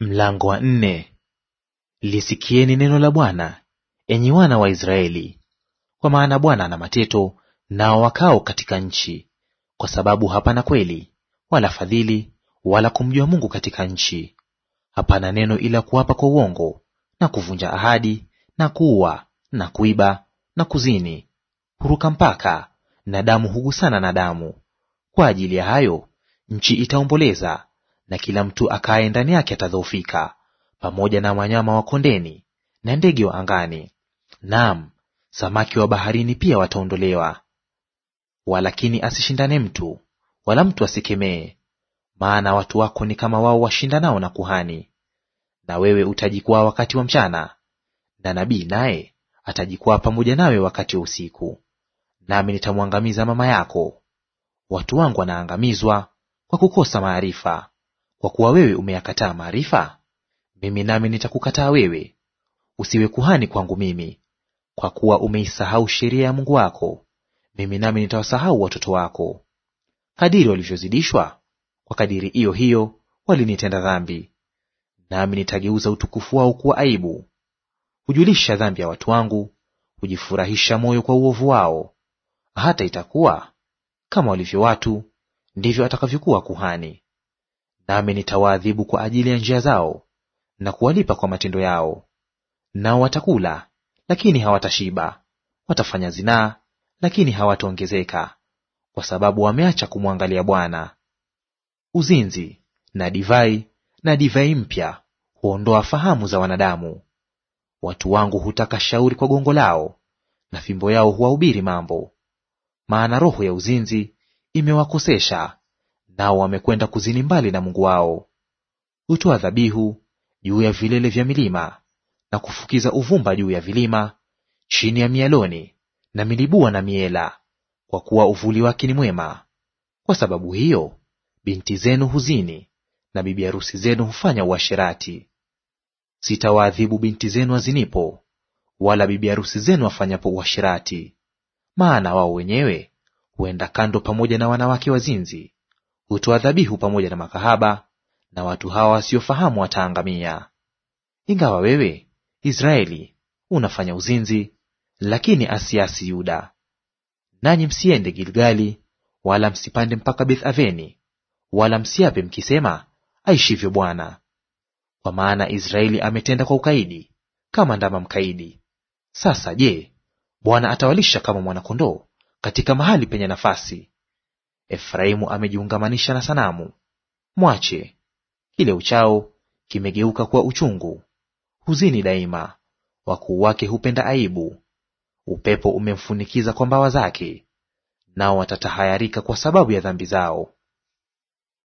Mlango wa nne. Lisikieni neno la Bwana, enyi wana wa Israeli. Kwa maana Bwana ana mateto nao wakao katika nchi, kwa sababu hapana kweli wala fadhili wala kumjua Mungu katika nchi. Hapana neno ila kuapa kwa uongo na kuvunja ahadi na kuua na kuiba na kuzini. Huruka mpaka na damu hugusana na damu. Kwa ajili ya hayo nchi itaomboleza na kila mtu akaye ndani yake atadhoofika, pamoja na wanyama wa kondeni na ndege wa angani, naam, samaki wa baharini pia wataondolewa. Walakini asishindane mtu, wala mtu asikemee, maana watu wako ni kama wao washindanao na kuhani. Na wewe utajikwaa wakati wa mchana, na nabii naye atajikwaa pamoja nawe wakati wa usiku. Nami nitamwangamiza mama yako. Watu wangu wanaangamizwa kwa kukosa maarifa. Kwa kuwa wewe umeyakataa maarifa, mimi nami nitakukataa wewe, usiwe kuhani kwangu mimi. Kwa kuwa umeisahau sheria ya Mungu wako, mimi nami nitawasahau watoto wako. Kadiri walivyozidishwa, kwa kadiri iyo hiyo walinitenda dhambi, nami nitageuza utukufu wao kuwa aibu. Hujulisha dhambi ya watu wangu, hujifurahisha moyo kwa uovu wao. Hata itakuwa kama walivyo watu, ndivyo atakavyokuwa kuhani nami nitawaadhibu kwa ajili ya njia zao na kuwalipa kwa matendo yao. Nao watakula lakini hawatashiba, watafanya zinaa lakini hawataongezeka, kwa sababu wameacha kumwangalia Bwana. Uzinzi na divai na divai mpya huondoa fahamu za wanadamu. Watu wangu hutaka shauri kwa gongo lao, na fimbo yao huwahubiri mambo. Maana roho ya uzinzi imewakosesha, nao wamekwenda kuzini mbali na Mungu wao. Hutoa dhabihu juu ya vilele vya milima na kufukiza uvumba juu ya vilima, chini ya mialoni na milibua na miela, kwa kuwa uvuli wake ni mwema. Kwa sababu hiyo binti zenu huzini na bibi harusi zenu hufanya uasherati. Sitawaadhibu binti zenu azinipo wala bibi harusi zenu afanyapo uasherati, maana wao wenyewe huenda kando pamoja na wanawake wazinzi hutoa dhabihu pamoja na makahaba, na watu hawa wasiofahamu wataangamia. Ingawa wewe Israeli unafanya uzinzi, lakini asiasi Yuda. Nanyi msiende Gilgali, wala msipande mpaka bethaveni wala msiape mkisema, aishivyo Bwana. Kwa maana Israeli ametenda kwa ukaidi kama ndama mkaidi. Sasa je, Bwana atawalisha kama mwanakondoo katika mahali penye nafasi, Efraimu amejiungamanisha na sanamu, mwache. Kile uchao kimegeuka kwa uchungu, huzini daima, wakuu wake hupenda aibu. Upepo umemfunikiza kwa mbawa zake, nao watatahayarika kwa sababu ya dhambi zao.